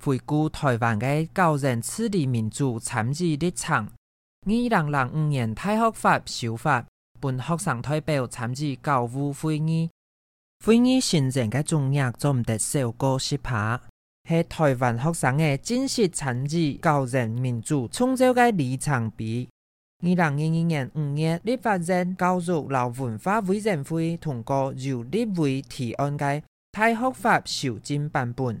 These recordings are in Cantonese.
回顧台灣的教人次第民主參與歷程，二零零五年《大學法》修法，本學生代表參與校務會議，會議形成嘅重要，做唔得小過失拍。係台灣學生嘅真實參與教人民主創造嘅里程碑，二零二二年五月立法院教育及文化委員會通過由立為提案嘅《大學法》修正版本。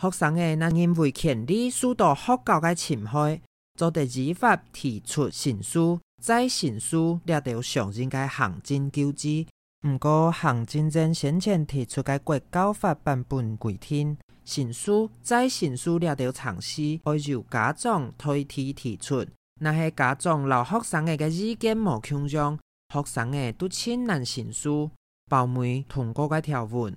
學生嘅若因為權利受到學校嘅侵害，就得依法提出申訴，再申訴列到上一級行政救濟。毋過行政真先前提出的國教法版本改天，申訴再申訴列到嘗試，就由家長推替提出，那些家長留學生嘅嘅意見無窮向，學生嘅都簽難申訴，包未通過嘅條文。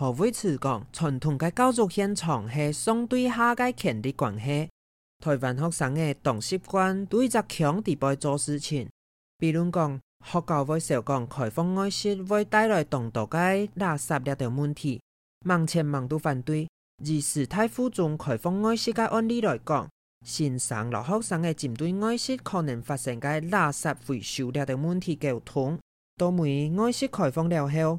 何偉池講，傳統嘅教育現狀係相對下階權力關係。台灣學生嘅重習慣對只強地位做事情。比如講，學校為小講開放外食，會帶來同道界垃圾一條問題，萬千萬都反對。而師大附中開放外食嘅案例來講，新生留學生嘅針對外食可能發生嘅垃圾回收一條問題溝通。到尾外食開放了後。